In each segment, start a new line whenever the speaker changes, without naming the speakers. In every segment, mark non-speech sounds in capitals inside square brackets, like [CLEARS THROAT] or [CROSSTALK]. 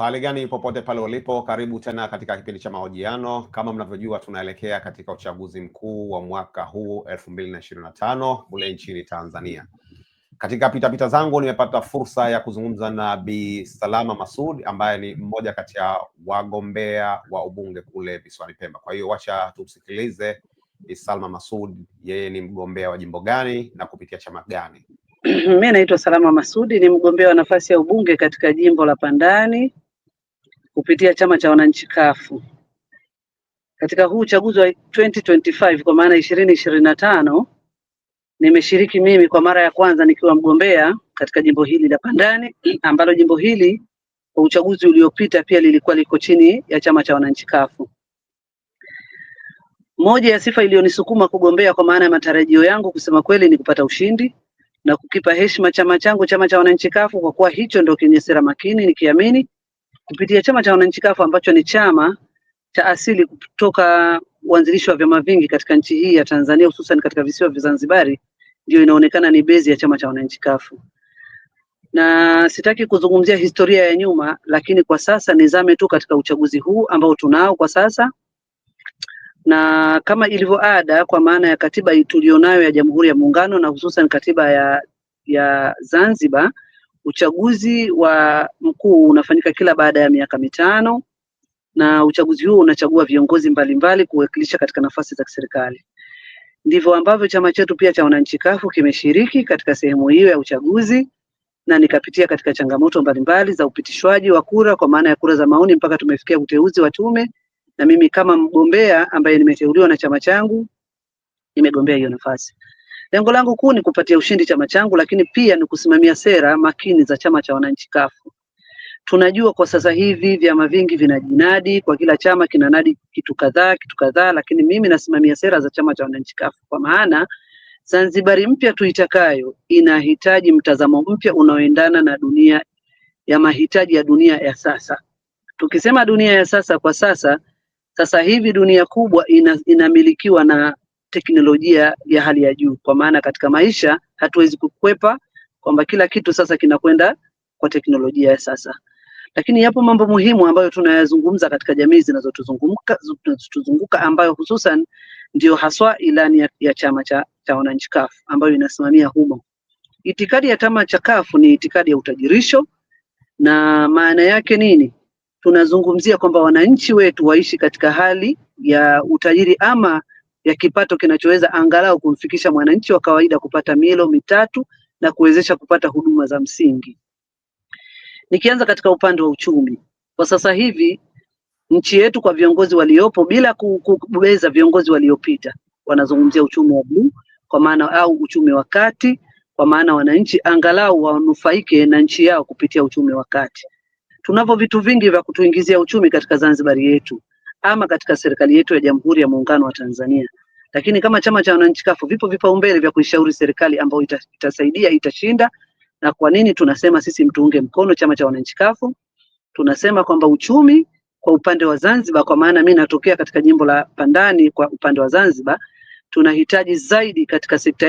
Hali gani popote pale ulipo, karibu tena katika kipindi cha mahojiano. Kama mnavyojua, tunaelekea katika uchaguzi mkuu wa mwaka huu 2025 na kule nchini Tanzania. Katika pitapita zangu nimepata fursa ya kuzungumza na Bi Salama Masud ambaye ni mmoja kati ya wagombea wa ubunge kule visiwani Pemba. Kwa hiyo wacha tumsikilize Bi Salama Masud, yeye ni mgombea wa jimbo gani na kupitia chama gani?
[CLEARS THROAT] Mi naitwa Salama Masudi, ni mgombea wa nafasi ya ubunge katika jimbo la Pandani kupitia chama cha wananchi kafu katika huu uchaguzi wa 2025 kwa maana ishirini ishirini na tano nimeshiriki mimi kwa mara ya kwanza nikiwa mgombea katika jimbo hili la Pandani ambalo jimbo hili kwa uchaguzi uliopita pia lilikuwa liko chini ya chama cha wananchi kafu. Moja ya sifa iliyonisukuma kugombea kwa maana ya matarajio yangu kusema kweli ni kupata ushindi na kukipa heshima chama changu chama cha wananchi kafu, kwa kuwa hicho ndio kenye sera makini, nikiamini kupitia chama cha wananchi CUF ambacho ni chama cha asili kutoka uanzilishi wa vyama vingi katika nchi hii ya Tanzania hususan katika visiwa vya Zanzibari, ndio inaonekana ni bezi ya chama cha wananchi CUF. Na sitaki kuzungumzia historia ya nyuma, lakini kwa sasa nizame tu katika uchaguzi huu ambao tunao kwa sasa, na kama ilivyo ada, kwa maana ya katiba tuliyonayo ya Jamhuri ya Muungano na hususan katiba ya ya Zanzibar Uchaguzi wa mkuu unafanyika kila baada ya miaka mitano na uchaguzi huo unachagua viongozi mbalimbali kuwakilisha katika nafasi za kiserikali. Ndivyo ambavyo chama chetu pia cha wananchi CUF kimeshiriki katika sehemu hiyo ya uchaguzi na nikapitia katika changamoto mbalimbali za upitishwaji wa kura kwa maana ya kura za maoni mpaka tumefikia uteuzi wa tume, na mimi kama mgombea ambaye nimeteuliwa na chama changu nimegombea hiyo nafasi. Lengo langu kuu ni kupatia ushindi chama changu, lakini pia ni kusimamia sera makini za chama cha wananchi kafu. Tunajua kwa sasa hivi vyama vingi vinajinadi, kwa kila chama kinanadi kitu kadhaa kitu kadhaa, lakini mimi nasimamia sera za chama cha wananchi kafu, kwa maana Zanzibari mpya tuitakayo inahitaji mtazamo mpya unaoendana na dunia ya mahitaji ya dunia ya sasa. Tukisema dunia ya sasa, kwa sasa sasa hivi dunia kubwa ina, inamilikiwa na teknolojia ya hali ya juu, kwa maana katika maisha hatuwezi kukwepa kwamba kila kitu sasa kinakwenda kwa teknolojia ya sasa. Lakini yapo mambo muhimu ambayo tunayazungumza katika jamii zinazotuzunguka zinazotuzunguka ambayo hususan ndio haswa ilani ya, ya chama cha, cha wananchi CUF ambayo inasimamia humo. Itikadi ya chama cha CUF ni itikadi ya utajirisho, na maana yake nini? Tunazungumzia kwamba wananchi wetu waishi katika hali ya utajiri ama ya kipato kinachoweza angalau kumfikisha mwananchi wa kawaida kupata milo mitatu na kuwezesha kupata huduma za msingi. Nikianza katika upande wa uchumi, kwa sasa hivi nchi yetu kwa viongozi waliopo, bila kubeza viongozi waliopita, wanazungumzia uchumi wa bluu kwa maana au uchumi wa kati, kwa maana wananchi angalau wanufaike na nchi yao kupitia uchumi wa kati. Tunavyo vitu vingi vya kutuingizia uchumi katika Zanzibar yetu ama katika serikali yetu ya Jamhuri ya Muungano wa Tanzania. Lakini kama chama cha wananchi kafu, vipo vipaumbele vya kuishauri serikali ambayo itasaidia, itashinda. Na kwa nini tunasema sisi mtuunge mkono chama cha wananchi kafu? Tunasema kwamba uchumi kwa upande wa Zanzibar, kwa maana mimi natokea katika jimbo la Pandani, kwa upande wa Zanzibar tunahitaji zaidi katika sekta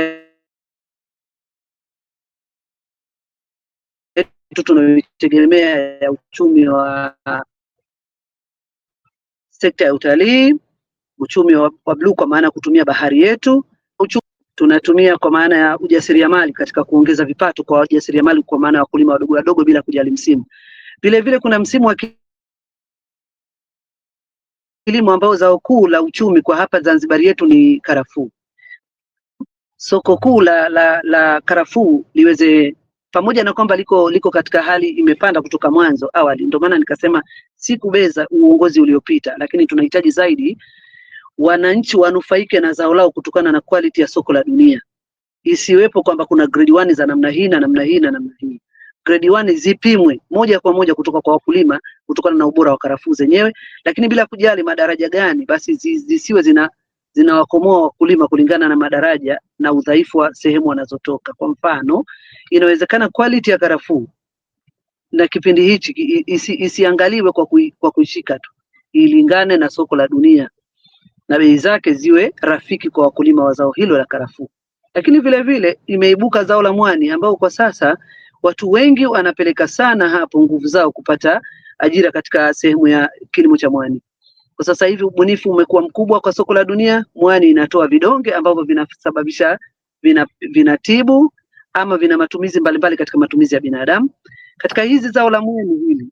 yetu tunayoitegemea ya uchumi wa sekta ya utalii, uchumi wa, wa bluu kwa maana ya kutumia bahari yetu, uchumi tunatumia kwa maana ya ujasiriamali katika kuongeza vipato kwa wajasiriamali kwa maana ya wakulima wadogo wadogo bila kujali msimu. Vile vile kuna msimu wa kilimo ambao zao kuu la uchumi kwa hapa Zanzibar yetu ni karafuu. Soko kuu la, la, la karafuu liweze pamoja na kwamba liko liko katika hali imepanda kutoka mwanzo awali. Ndio maana nikasema sikubeza uongozi uliopita, lakini tunahitaji zaidi wananchi wanufaike na zao lao kutokana na quality ya soko la dunia, isiwepo kwamba kuna grade one za namna hii na namna hii na namna hii. Grade one zipimwe moja kwa moja kutoka kwa wakulima kutokana na ubora wa karafuu zenyewe, lakini bila kujali madaraja gani, basi zisiwe zina zinawakomoa wakulima kulingana na madaraja na udhaifu wa sehemu wanazotoka. Kwa mfano, inawezekana quality ya karafuu na kipindi hichi isi, isiangaliwe kwa, kui, kwa kuishika tu, ilingane na soko la dunia na bei zake ziwe rafiki kwa wakulima wa zao hilo la karafuu. Lakini vile vile imeibuka zao la mwani ambao kwa sasa watu wengi wanapeleka sana hapo nguvu zao kupata ajira katika sehemu ya kilimo cha mwani. Kwa sasa hivi ubunifu umekuwa mkubwa kwa soko la dunia. Mwani inatoa vidonge ambavyo vinasababisha vina, vinatibu ama vina matumizi mbalimbali katika matumizi ya binadamu. Katika hizi zao la mwani hili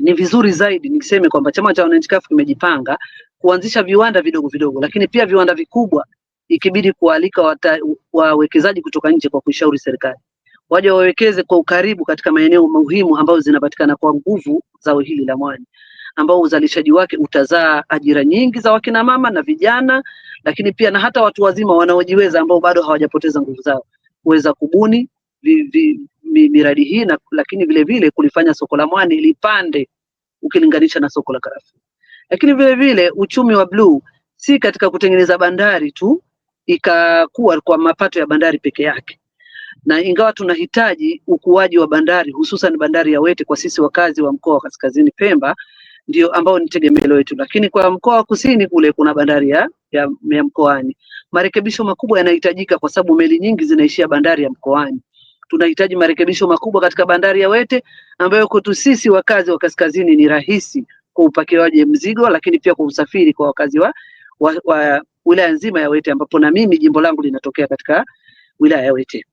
ni vizuri zaidi niseme kwamba chama cha wananchi CUF kimejipanga kuanzisha viwanda vidogo vidogo, lakini pia viwanda vikubwa, ikibidi kualika wawekezaji kutoka nje kwa kuishauri serikali waje wawekeze kwa ukaribu katika maeneo muhimu ambayo zinapatikana kwa nguvu zao hili la mwani ambao uzalishaji wake utazaa ajira nyingi za wakina mama na vijana, lakini pia na hata watu wazima wanaojiweza ambao bado hawajapoteza nguvu zao kuweza kubuni vi, vi, mi, miradi hii na, lakini vilevile kulifanya soko la mwani lipande ukilinganisha na soko la karafuu. Lakini vile uchumi wa bluu si katika kutengeneza bandari tu ikakuwa kwa mapato ya bandari peke yake, na ingawa tunahitaji ukuaji wa bandari hususan bandari ya Wete kwa sisi wakazi wa mkoa wa Kaskazini Pemba ndio ambao ni tegemeo letu, lakini kwa mkoa wa kusini kule kuna bandari ya, ya, ya Mkoani. Marekebisho makubwa yanahitajika kwa sababu meli nyingi zinaishia bandari ya Mkoani. Tunahitaji marekebisho makubwa katika bandari ya Wete ambayo kwetu sisi wakazi wa kaskazini ni rahisi kwa upakiwaji mzigo, lakini pia kwa usafiri kwa wakazi wa, wa, wa wilaya nzima ya Wete ambapo na mimi jimbo langu linatokea katika wilaya ya Wete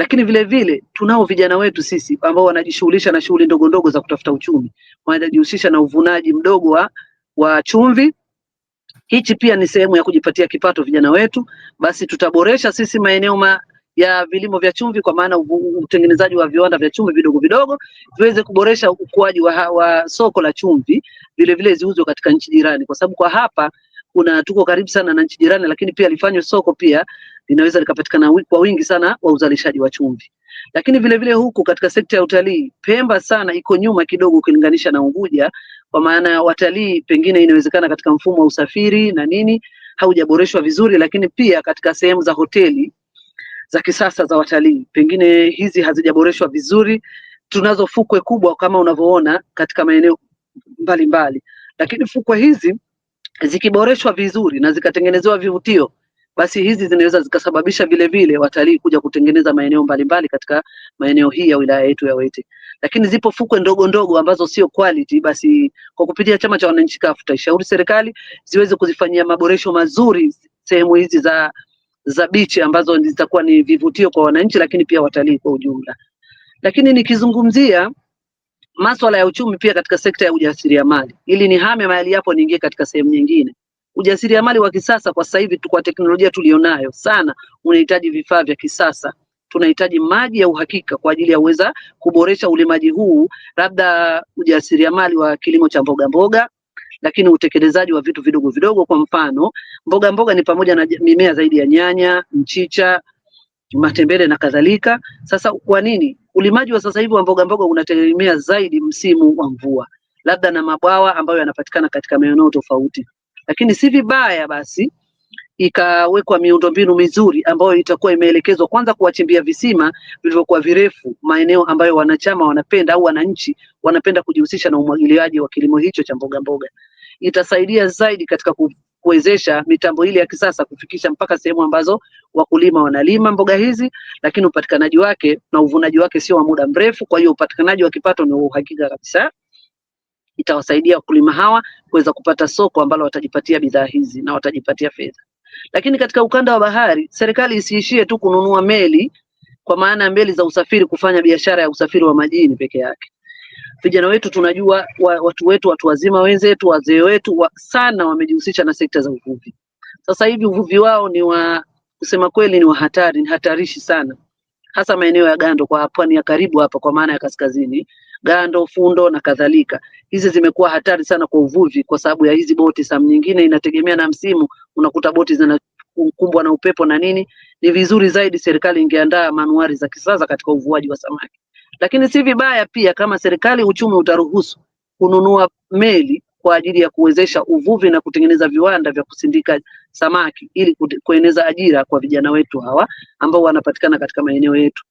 lakini vile vile tunao vijana wetu sisi ambao wanajishughulisha na shughuli ndogo ndogo za kutafuta uchumi, wanajihusisha na uvunaji mdogo wa, wa chumvi. Hichi pia ni sehemu ya kujipatia kipato vijana wetu. Basi tutaboresha sisi maeneo ma ya vilimo vya chumvi kwa maana utengenezaji wa viwanda vya chumvi vidogo vidogo viweze kuboresha ukuaji wa, wa soko la chumvi, vilevile ziuzwe katika nchi jirani, kwa sababu kwa hapa kuna tuko karibu sana na nchi jirani, lakini pia lifanywe soko pia linaweza likapatikana kwa wingi sana wa uzalishaji wa chumvi. Lakini vile vile huku katika sekta ya utalii, Pemba sana iko nyuma kidogo ukilinganisha na Unguja, kwa maana watalii pengine inawezekana katika mfumo wa usafiri na nini haujaboreshwa vizuri, lakini pia katika sehemu za hoteli za kisasa za watalii pengine hizi hazijaboreshwa vizuri. Tunazo fukwe kubwa kama unavyoona katika maeneo mbalimbali, lakini fukwe hizi zikiboreshwa vizuri na zikatengenezewa vivutio, basi hizi zinaweza zikasababisha vilevile watalii kuja kutengeneza maeneo mbalimbali katika maeneo hii ya wilaya yetu ya Wete. Lakini zipo fukwe ndogo ndogo ambazo sio quality, basi kwa kupitia chama cha wananchi CUF taishauri serikali ziweze kuzifanyia maboresho mazuri sehemu hizi za za bichi ambazo zitakuwa ni vivutio kwa wananchi, lakini pia watalii kwa ujumla. Lakini nikizungumzia Maswala ya uchumi pia katika sekta ya ujasiriamali, ili nihame mahali hapo niingie katika sehemu nyingine. Ujasiriamali wa kisasa kwa sasa hivi, kwa teknolojia tulionayo sana, unahitaji vifaa vya kisasa. Tunahitaji maji ya uhakika kwa ajili ya uweza kuboresha ulimaji huu, labda ujasiriamali wa kilimo cha mboga mboga, lakini utekelezaji wa vitu vidogo vidogo. Kwa mfano mboga mboga ni pamoja na mimea zaidi ya nyanya, mchicha, matembele na kadhalika. Sasa kwa nini ulimaji wa sasa hivi wa mboga mboga unategemea zaidi msimu wa mvua, labda na mabwawa ambayo yanapatikana katika maeneo tofauti, lakini si vibaya basi ikawekwa miundombinu mizuri ambayo itakuwa imeelekezwa kwanza kuwachimbia visima vilivyokuwa virefu maeneo ambayo wanachama wanapenda au wananchi wanapenda kujihusisha na umwagiliaji wa kilimo hicho cha mboga mboga. Itasaidia zaidi katika kuwezesha mitambo ile ya kisasa kufikisha mpaka sehemu ambazo wakulima wanalima mboga hizi, lakini upatikanaji wake na uvunaji wake sio wa muda mrefu. Kwa hiyo upatikanaji wa kipato ni uhakika kabisa. Itawasaidia wakulima hawa kuweza kupata soko ambalo watajipatia bidhaa hizi na watajipatia fedha. Lakini katika ukanda wa bahari, serikali isiishie tu kununua meli, kwa maana ya meli za usafiri, kufanya biashara ya usafiri wa majini peke yake vijana wetu tunajua wa, watu wetu watu wazima wenzetu wazee wetu wa, sana wamejihusisha na sekta za uvuvi. Sasa hivi uvuvi wao ni wa kusema kweli ni wa hatari, ni hatarishi sana, hasa maeneo ya Gando kwa pwani ya karibu hapa, kwa maana ya kaskazini Gando, Fundo na kadhalika. Hizi zimekuwa hatari sana kwa uvuvi kwa sababu ya hizi boti, saa nyingine inategemea na msimu, unakuta boti zinakumbwa na upepo na nini. Ni vizuri zaidi serikali ingeandaa manuari za kisasa katika uvuaji wa samaki. Lakini si vibaya pia kama serikali uchumi utaruhusu kununua meli kwa ajili ya kuwezesha uvuvi na kutengeneza viwanda vya kusindika samaki ili kueneza ajira kwa vijana wetu hawa ambao wanapatikana katika maeneo yetu.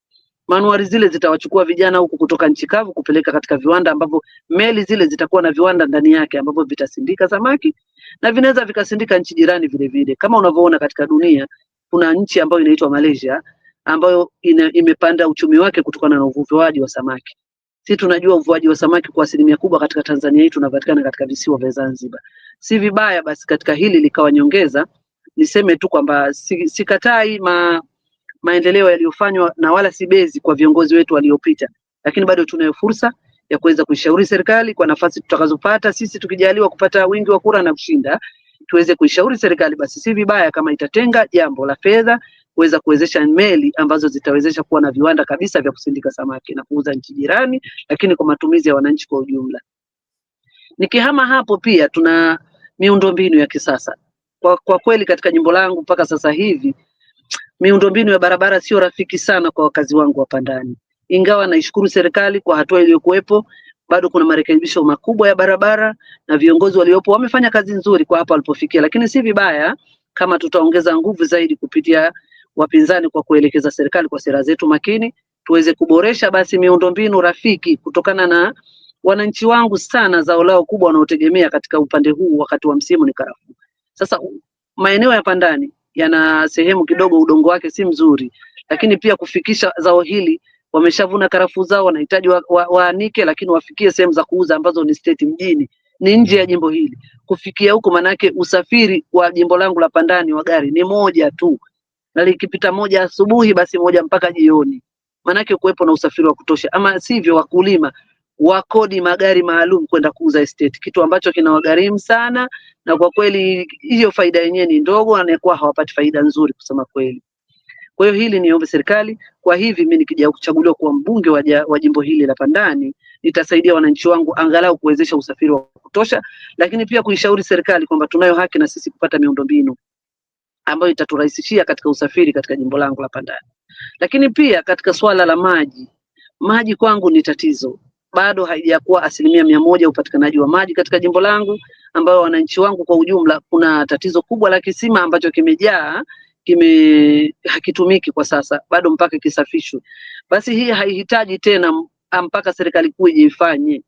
Manuari zile zitawachukua vijana huku kutoka nchi kavu kupeleka katika viwanda ambavyo meli zile zitakuwa na viwanda ndani yake ambavyo vitasindika samaki na vinaweza vikasindika nchi jirani vile vile. Kama unavyoona katika dunia kuna nchi ambayo inaitwa Malaysia ambayo ina, imepanda uchumi wake kutokana na uvuvi wa samaki. Si tunajua uvuaji wa samaki kwa asilimia kubwa katika Tanzania hii tunapatikana katika visiwa vya Zanzibar. Si vibaya basi katika hili likawa nyongeza. Niseme tu kwamba sikatai si, ma, maendeleo yaliyofanywa na wala sibezi kwa viongozi wetu waliopita, lakini bado tunayo fursa ya kuweza kuishauri serikali kwa nafasi tutakazopata sisi, tukijaliwa kupata wingi wa kura na kushinda, tuweze kuishauri serikali, basi si vibaya kama itatenga jambo la fedha kuweza kuwezesha meli ambazo zitawezesha kuwa na viwanda kabisa vya kusindika samaki na kuuza nchi jirani, lakini kwa matumizi ya wananchi kwa ujumla. Nikihama hapo, pia tuna miundombinu ya kisasa kwa, kwa kweli katika jimbo langu mpaka sasa hivi miundombinu ya barabara sio rafiki sana kwa wakazi wangu wa Pandani, ingawa naishukuru serikali kwa hatua iliyokuwepo bado kuna marekebisho makubwa ya barabara na viongozi waliopo wamefanya kazi nzuri kwa hapa walipofikia, lakini si vibaya kama tutaongeza nguvu zaidi kupitia wapinzani kwa kuelekeza serikali kwa sera zetu makini, tuweze kuboresha basi miundombinu rafiki kutokana na wananchi wangu sana zao lao kubwa wanaotegemea katika upande huu wakati wa msimu ni karafuu. Sasa maeneo ya Pandani yana sehemu kidogo udongo wake si mzuri, lakini pia kufikisha zao hili, wameshavuna karafuu zao, wanahitaji waanike wa, wa lakini wafikie sehemu za kuuza ambazo ni state mjini, ni nje ya jimbo hili. Kufikia huko, manake usafiri wa jimbo langu la Pandani wa gari ni moja tu, na likipita moja asubuhi basi moja mpaka jioni, maanake kuwepo na usafiri wa kutosha, ama sivyo wakulima wakodi magari maalum kwenda kuuza estate, kitu ambacho kinawagharimu sana, na kwa kweli hiyo faida yenyewe ni ndogo, anakuwa hawapati faida nzuri kusema kweli. Kwa hiyo hili niombe serikali, kwa hivi mimi nikija kuchaguliwa kuwa mbunge wa jimbo hili la Pandani, nitasaidia wananchi wangu angalau kuwezesha usafiri wa kutosha, lakini pia kuishauri serikali kwamba tunayo haki na sisi kupata miundombinu ambayo itaturahisishia katika usafiri katika jimbo langu la Pandani. Lakini pia katika swala la maji, maji kwangu ni tatizo, bado haijakuwa asilimia mia moja upatikanaji wa maji katika jimbo langu, ambayo wananchi wangu kwa ujumla, kuna tatizo kubwa la kisima ambacho kimejaa kime hakitumiki kwa sasa bado mpaka kisafishwe. Basi hii haihitaji tena mpaka serikali kuu ijifanye,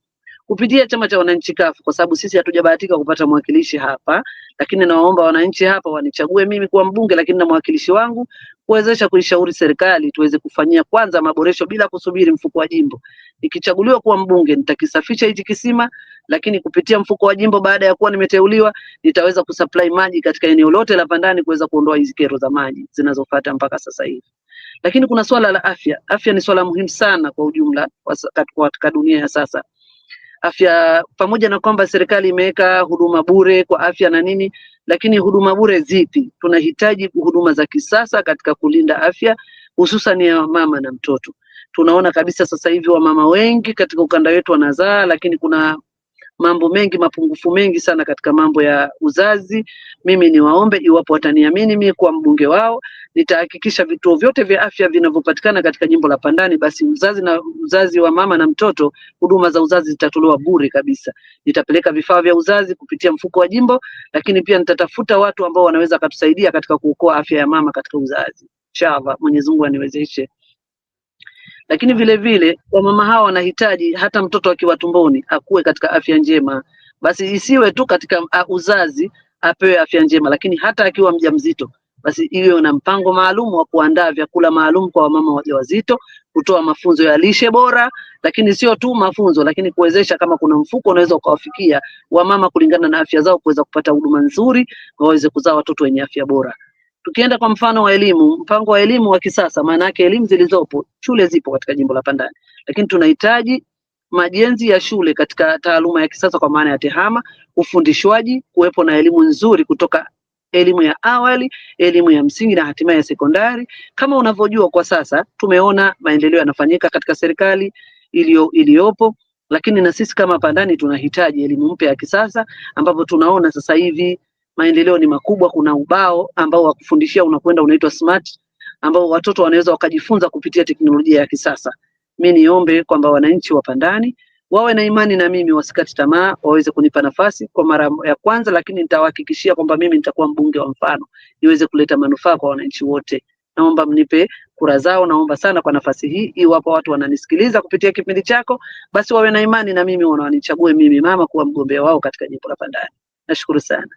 kupitia chama cha wananchi kafu, kwa sababu sisi hatujabahatika kupata mwakilishi hapa, lakini nawaomba wananchi hapa wanichague mimi kuwa mbunge, lakini na mwakilishi wangu kuwezesha kuishauri serikali tuweze kufanyia kwanza maboresho bila kusubiri mfuko wa jimbo. Nikichaguliwa kuwa mbunge, nitakisafisha hichi kisima, lakini kupitia mfuko wa jimbo, baada ya kuwa nimeteuliwa, nitaweza kusupply maji katika eneo lote la Pandani kuweza kuondoa hizi kero za maji zinazofuata mpaka sasa hivi. Lakini kuna swala la afya. Afya ni swala muhimu sana kwa ujumla katika dunia ya sasa afya, pamoja na kwamba serikali imeweka huduma bure kwa afya na nini, lakini huduma bure zipi? Tunahitaji huduma za kisasa katika kulinda afya hususan ya mama na mtoto. Tunaona kabisa sasa hivi wamama wengi katika ukanda wetu wanazaa, lakini kuna mambo mengi, mapungufu mengi sana katika mambo ya uzazi. Mimi niwaombe, iwapo wataniamini mimi kuwa mbunge wao, nitahakikisha vituo vyote vya afya vinavyopatikana katika jimbo la Pandani, basi uzazi na uzazi wa mama na mtoto, huduma za uzazi zitatolewa bure kabisa. Nitapeleka vifaa vya uzazi kupitia mfuko wa jimbo, lakini pia nitatafuta watu ambao wanaweza wakatusaidia katika kuokoa afya ya mama katika uzazi. Inshallah, Mwenyezi Mungu aniwezeshe. Lakini vile vile wamama hawa wanahitaji hata mtoto akiwa tumboni akuwe katika afya njema, basi isiwe tu katika uzazi apewe afya njema, lakini hata akiwa mjamzito basi iwe na mpango maalum wa kuandaa vyakula maalum kwa wamama wajawazito, kutoa mafunzo ya lishe bora, lakini sio tu mafunzo, lakini kuwezesha kama kuna mfuko unaweza ukawafikia wamama kulingana na afya zao, kuweza kupata huduma nzuri, waweze kuzaa watoto wenye afya bora. Tukienda kwa mfano wa elimu, mpango wa elimu wa kisasa, maana yake elimu zilizopo, shule zipo katika jimbo la Pandani, lakini tunahitaji majenzi ya shule katika taaluma ya kisasa kwa maana ya tehama, ufundishwaji, kuwepo na elimu nzuri kutoka elimu ya awali, elimu ya msingi na hatimaye ya sekondari. Kama unavyojua kwa sasa tumeona maendeleo yanafanyika katika serikali iliyo iliyopo, lakini na sisi kama Pandani tunahitaji elimu mpya ya kisasa ambapo tunaona sasa hivi maendeleo ni makubwa. Kuna ubao ambao wa kufundishia unakwenda unaitwa smart, ambao watoto wanaweza wakajifunza kupitia teknolojia ya kisasa. Mi niombe kwamba wananchi wa Pandani wawe na imani na mimi, wasikati tamaa, waweze kunipa nafasi kwa mara ya kwanza, lakini nitawahakikishia kwamba mimi nitakuwa mbunge wa mfano, niweze kuleta manufaa kwa wananchi wote. Naomba mnipe kura zao, naomba sana kwa nafasi hii. Iwapo watu wananisikiliza kupitia kipindi chako, basi wawe na imani na mimi, wananichague mimi mama kuwa mgombea wao katika jimbo la Pandani. Nashukuru sana.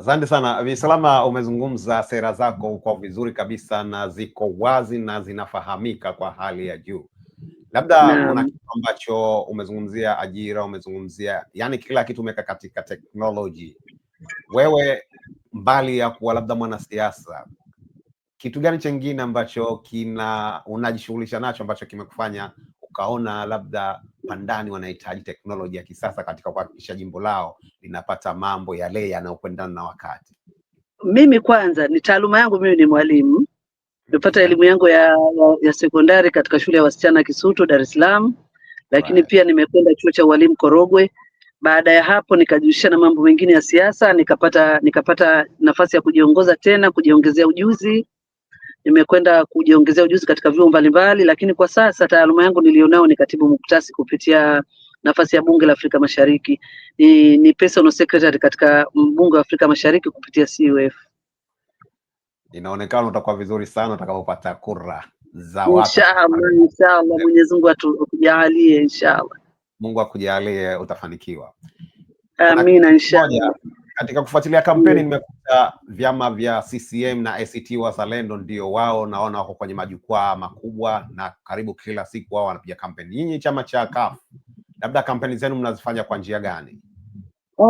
Asante sana Visalama, umezungumza sera zako kwa vizuri kabisa na ziko wazi na zinafahamika kwa hali ya juu. Labda kuna kitu ambacho umezungumzia ajira, umezungumzia yani kila kitu umeweka katika teknoloji. Wewe mbali ya kuwa labda mwanasiasa, kitu gani chengine ambacho kina unajishughulisha nacho ambacho kimekufanya tukaona labda pandani wanahitaji teknoloji ya kisasa katika kuhakikisha jimbo lao linapata mambo yale yanayokwendana na wakati?
Mimi kwanza ni taaluma yangu, mimi ni mwalimu. Nimepata elimu yangu ya, ya, ya sekondari katika shule ya wasichana Kisutu, Dar es Salaam, lakini right, pia nimekwenda chuo cha ualimu Korogwe. Baada ya hapo nikajihusisha na mambo mengine ya siasa, nikapata nikapata nafasi ya kujiongoza tena, kujiongezea ujuzi nimekwenda kujiongezea ujuzi katika vyuo mbalimbali, lakini kwa sasa taaluma yangu nilionao ni katibu muktasi kupitia nafasi ya bunge la Afrika Mashariki. Ni, ni personal secretary katika bunge wa Afrika Mashariki kupitia CUF.
Inaonekana utakuwa vizuri sana utakapopata kura za watu.
Inshallah, inshallah, Mwenyezi Mungu atukujalie inshallah
Mungu akujalie utafanikiwa.
Amina, inshallah
katika kufuatilia kampeni nimekuta vyama vya CCM na ACT Wazalendo ndio wao naona wako kwenye majukwaa makubwa na karibu kila siku wao wanapiga kampeni. Nyinyi chama cha CUF, labda kampeni zenu mnazifanya kwa njia gani?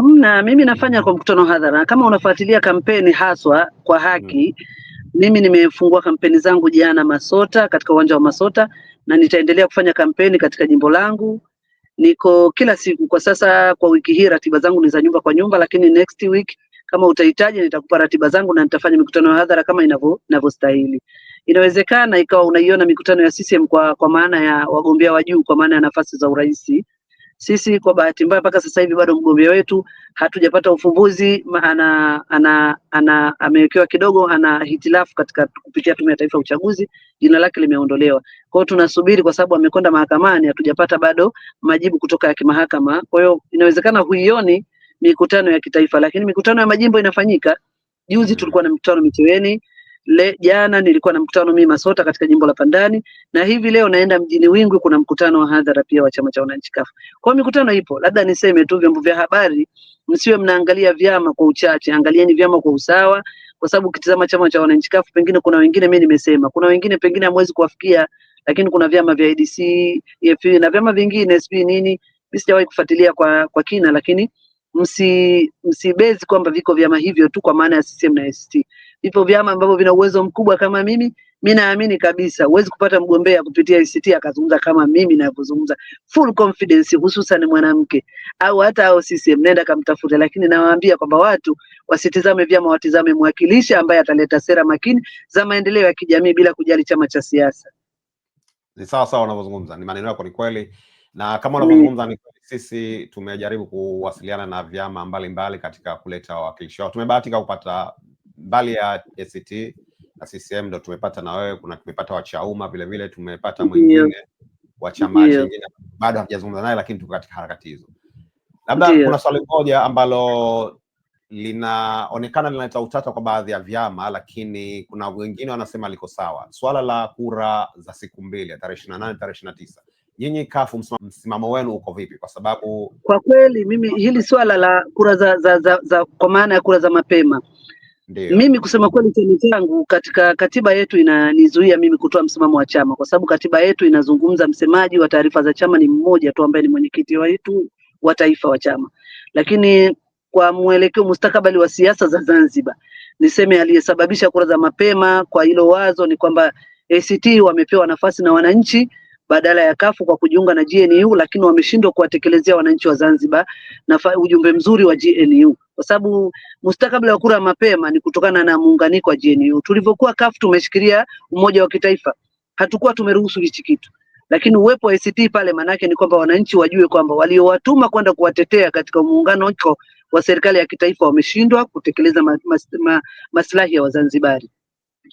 Mna, mimi nafanya kwa mkutano hadhara. Kama unafuatilia kampeni haswa kwa haki hmm. mimi nimefungua kampeni zangu jana Masota, katika uwanja wa Masota, na nitaendelea kufanya kampeni katika jimbo langu niko kila siku kwa sasa. Kwa wiki hii ratiba zangu ni za nyumba kwa nyumba, lakini next week kama utahitaji nitakupa ratiba zangu na nitafanya mikutano ya hadhara kama inavyostahili. Inawezekana ikawa unaiona mikutano ya CCM kwa, kwa maana ya wagombea wa juu, kwa maana ya nafasi za urais sisi kwa bahati mbaya mpaka sasa hivi bado mgombea wetu hatujapata ufumbuzi, maana ana, ana amewekewa kidogo, ana hitilafu katika kupitia Tume ya Taifa ya Uchaguzi, jina lake limeondolewa. Kwa hiyo tunasubiri, kwa sababu amekwenda mahakamani, hatujapata bado majibu kutoka ya kimahakama. Kwa hiyo inawezekana huioni mikutano ya kitaifa, lakini mikutano ya majimbo inafanyika. Juzi mm. tulikuwa na mikutano Micheweni le, jana nilikuwa na mkutano mimi Masota katika jimbo la Pandani na hivi leo naenda mjini Wingwi, kuna mkutano wa hadhara pia wa chama cha wananchi CUF. Kwa mikutano ipo, labda niseme tu vyombo vya habari msiwe mnaangalia vyama kwa uchache, angalieni vyama kwa usawa, kwa sababu ukitizama chama cha wananchi CUF pengine kuna wengine mimi nimesema, kuna wengine pengine hamwezi kuwafikia, lakini kuna vyama vya ADC, EFF na vyama vingine sijui nini, mimi sijawahi kufuatilia kwa, kwa kina, lakini msi msibezi kwamba viko vyama hivyo tu kwa maana ya CCM na ACT. Vipo vyama ambavyo vina uwezo mkubwa kama mimi. Mi naamini kabisa huwezi kupata mgombea kupitia ACT akazungumza kama mimi navyozungumza, full confidence, hususan mwanamke au hata au CCM, nenda kamtafute. Lakini nawaambia kwamba watu wasitizame vyama, watizame mwakilishi ambaye ataleta sera makini za maendeleo ya kijamii bila kujali chama cha siasa.
Ni sawa sawa unavyozungumza, ni maneno yako, ni kweli, na kama mm. unavyozungumza ni kweli. Sisi tumejaribu kuwasiliana na vyama mbalimbali mbali katika kuleta wawakilishi wao, tumebahatika kupata mbali mm. ya ACT na CCM ndo tumepata na wewe, kuna tumepata wa Chauma vile vile tumepata mwingine wa chama kingine, bado hatujazungumza naye, lakini tuko katika harakati hizo. Labda kuna swali moja ambalo linaonekana linaleta utata kwa baadhi ya vyama, lakini kuna wengine wanasema liko sawa, swala la kura za siku mbili tarehe ishirini na nane tarehe ishirini na tisa Nyinyi kafu msimamo wenu uko vipi? Kwa sababu
kwa kweli mimi hili swala la kura za, za, za, za kwa maana ya kura za mapema Ndiyo. Mimi kusema kweli, chama changu katika katiba yetu inanizuia mimi kutoa msimamo wa chama, kwa sababu katiba yetu inazungumza msemaji wa taarifa za chama ni mmoja tu ambaye ni mwenyekiti wetu wa taifa wa chama. Lakini kwa mwelekeo mustakabali wa siasa za Zanzibar, niseme aliyesababisha kura za mapema kwa hilo wazo ni kwamba ACT wamepewa nafasi na wananchi badala ya kafu kwa kujiunga na GNU, lakini wameshindwa kuwatekelezea wananchi wa Zanzibar na ujumbe mzuri wa GNU, kwa sababu mustakabali wa kura mapema ni kutokana na muunganiko wa GNU. Tulivyokuwa kafu tumeshikilia umoja wa kitaifa, hatukuwa tumeruhusu hichi kitu lakini uwepo wa ACT pale manake ni kwamba wananchi wajue kwamba waliowatuma kwenda kuwatetea katika muungano huko wa serikali ya kitaifa wameshindwa kutekeleza maslahi ma, ma, ya Wazanzibari.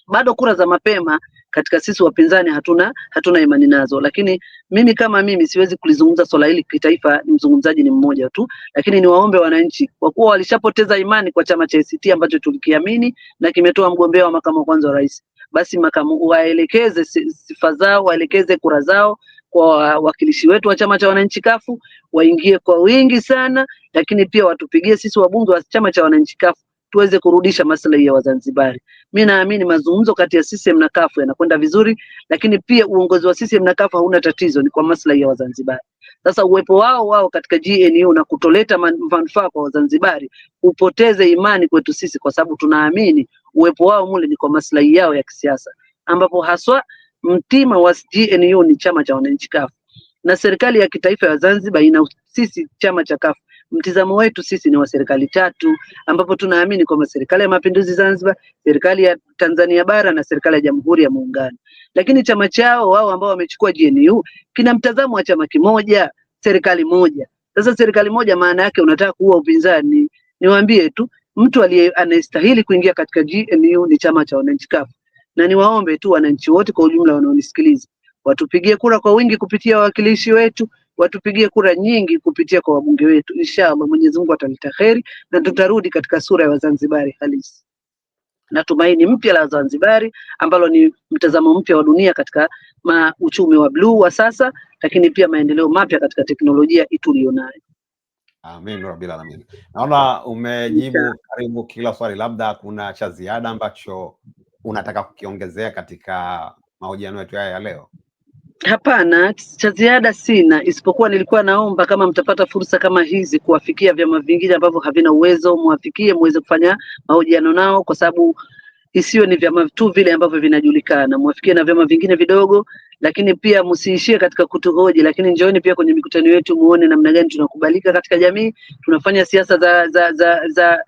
Bado kura za mapema katika sisi wapinzani hatuna hatuna imani nazo, lakini mimi kama mimi siwezi kulizungumza swala hili kitaifa, ni mzungumzaji ni mmoja tu, lakini niwaombe wananchi, kwa kuwa walishapoteza imani kwa chama cha ACT ambacho tulikiamini na kimetoa mgombea wa makamu wa kwanza wa rais, basi makamu waelekeze sifa zao, waelekeze kura zao kwa wawakilishi wetu wa chama cha wananchi kafu, waingie kwa wingi sana, lakini pia watupigie sisi wabunge wa chama cha wananchi kafu tuweze kurudisha maslahi ya Wazanzibari. Mi naamini mazungumzo kati ya CCM na CUF yanakwenda vizuri, lakini pia uongozi wa CCM na CUF hauna tatizo, ni kwa maslahi ya Wazanzibari. Sasa uwepo wao wao katika GNU na kutoleta manufaa kwa Wazanzibari upoteze imani kwetu sisi, kwa sababu tunaamini uwepo wao mule ni kwa maslahi yao ya kisiasa, ambapo haswa mtima wa GNU ni chama cha wananchi CUF na serikali ya kitaifa ya Zanzibar inahusisi chama cha CUF Mtizamo wetu sisi ni wa serikali tatu, ambapo tunaamini kwamba serikali ya mapinduzi Zanzibar, serikali ya Tanzania bara na serikali ya jamhuri ya muungano. Lakini chama chao wao ambao wamechukua GNU kina mtazamo wa chama kimoja, serikali moja. Sasa serikali moja maana yake unataka kuua upinzani. Niwaambie tu mtu aliye anayestahili kuingia katika GNU ni chama cha wananchi CUF, na niwaombe tu wananchi wote kwa ujumla wanaonisikiliza watupigie kura kwa wingi kupitia wawakilishi wetu watupigie kura nyingi kupitia kwa wabunge wetu. Inshallah, Mwenyezi Mungu ataleta heri na tutarudi katika sura ya Wazanzibari halisi na tumaini mpya la Zanzibari ambalo ni mtazamo mpya wa dunia katika ma uchumi wa bluu wa sasa, lakini pia maendeleo mapya katika teknolojia tulionayo.
Amin rabbil alamin. Naona umejibu karibu kila swali, labda kuna cha ziada ambacho unataka kukiongezea katika mahojiano yetu haya ya leo?
Hapana cha ziada sina, isipokuwa nilikuwa naomba kama mtapata fursa kama hizi kuwafikia vyama vingine ambavyo havina uwezo, mwafikie muweze kufanya mahojiano nao, kwa sababu isiwe ni vyama tu vile ambavyo vinajulikana, mwafikie na vyama vingine vidogo, lakini pia msiishie katika kutuhoji, lakini njooni pia kwenye mikutano yetu muone namna gani tunakubalika katika jamii, tunafanya siasa za, za, za, za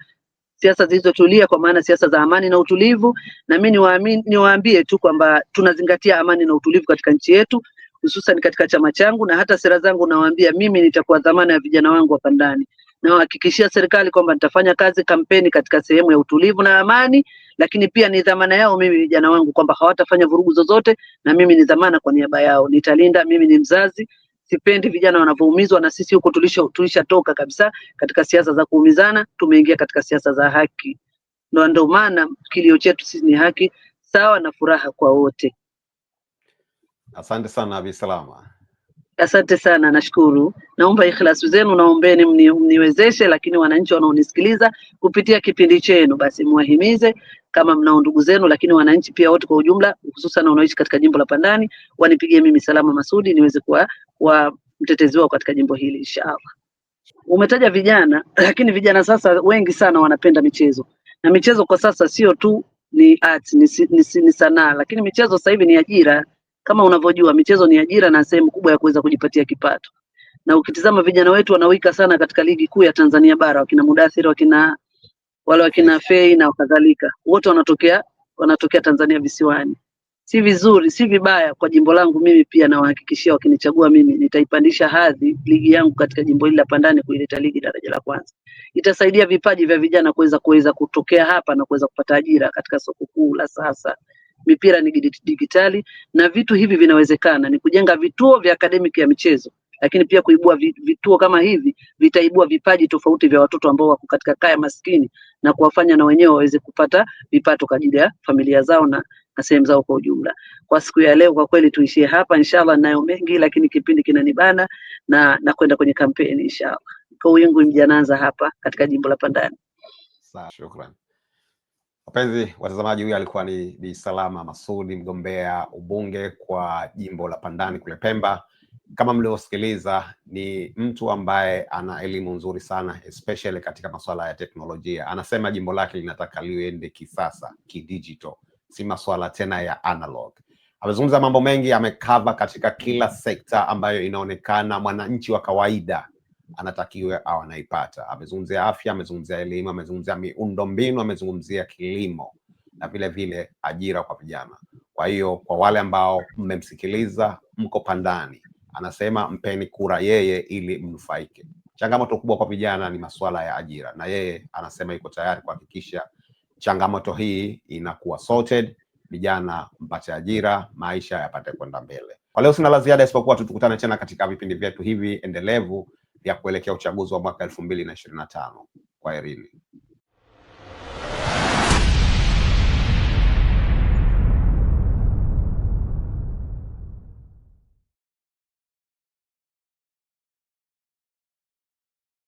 siasa zilizotulia, kwa maana siasa za amani na utulivu. Na mimi niwaambie tu kwamba tunazingatia amani na utulivu katika nchi yetu, hususan katika chama changu na hata sera zangu. Nawaambia mimi nitakuwa dhamana ya vijana wangu hapa ndani, nawahakikishia serikali kwamba nitafanya kazi kampeni katika sehemu ya utulivu na amani, lakini pia ni dhamana yao mimi vijana wangu kwamba hawatafanya vurugu zozote, na mimi ni dhamana kwa niaba yao, nitalinda. Mimi ni mzazi Sipendi vijana wanavyoumizwa, na sisi huko tulishatoka kabisa katika siasa za kuumizana, tumeingia katika siasa za haki, na ndio maana kilio chetu sisi ni haki sawa na furaha kwa wote.
Asante sana Abi Salama.
Asante sana, nashukuru. Naomba ikhlasu zenu, naombeni mniwezeshe, lakini wananchi wanaonisikiliza kupitia kipindi chenu, basi mwahimize kama mnao ndugu zenu, lakini wananchi pia wote kwa ujumla, hususan wanaoishi katika jimbo la Pandani, wanipigie mimi Salama Masudi niweze kuwa wa mtetezi wao katika jimbo hili inshallah. Umetaja vijana, [CLEARS THROAT] lakini vijana sasa wengi sana wanapenda michezo na michezo kwa sasa sio tu ni art, ni, ni, ni ni sanaa, lakini michezo sasa hivi ni ajira. Kama unavyojua michezo ni ajira na sehemu kubwa ya kuweza kujipatia kipato, na ukitizama vijana wetu wanawika sana katika ligi kuu ya Tanzania bara, wakina Mudathir, wakina wale wakina Fei na kadhalika, wote wanatokea wanatokea Tanzania visiwani. Si vizuri, si vibaya kwa jimbo langu mimi pia, nawahakikishia wakinichagua mimi nitaipandisha hadhi ligi yangu katika jimbo hili la Pandani, kuileta ligi daraja la kwanza. Itasaidia vipaji vya vijana kuweza kuweza kutokea hapa na kuweza kupata ajira katika soko kuu la sasa. Mipira ni digitali na vitu hivi vinawezekana, ni kujenga vituo vya akademiki ya michezo lakini pia kuibua vituo kama hivi vitaibua vipaji tofauti vya watoto ambao wako katika kaya maskini na kuwafanya na wenyewe waweze kupata vipato kwa ajili ya familia zao na sehemu zao kwa ujumla. Kwa siku ya leo, kwa kweli tuishie hapa inshallah. Ninayo mengi lakini kipindi kinanibana na nakwenda kwenye kampeni inshallah. Kwa wingu mjananza hapa katika jimbo la Pandani.
Sawa, Wapenzi watazamaji, huyu alikuwa ni Bi Salama Masudi, mgombea ubunge kwa jimbo la Pandani kule Pemba kama mlivyosikiliza, ni mtu ambaye ana elimu nzuri sana especially katika masuala ya teknolojia. Anasema jimbo lake linataka liende kisasa, kidigital, si masuala tena ya analog. Amezungumza mambo mengi, amekava katika kila sekta ambayo inaonekana mwananchi wa kawaida anatakiwa au anaipata. Amezungumzia afya, amezungumzia elimu, amezungumzia miundombinu, amezungumzia kilimo na vile vile ajira kwa vijana. Kwa hiyo kwa wale ambao mmemsikiliza, mko pandani anasema mpeni kura yeye ili mnufaike. Changamoto kubwa kwa vijana ni masuala ya ajira, na yeye anasema yuko tayari kuhakikisha changamoto hii inakuwa sorted, vijana mpate ajira, maisha yapate kwenda mbele. Kwa leo sina la ziada isipokuwa tutukutane tena katika vipindi vyetu hivi endelevu vya kuelekea uchaguzi wa mwaka elfu mbili na ishirini na tano. Kwaherini.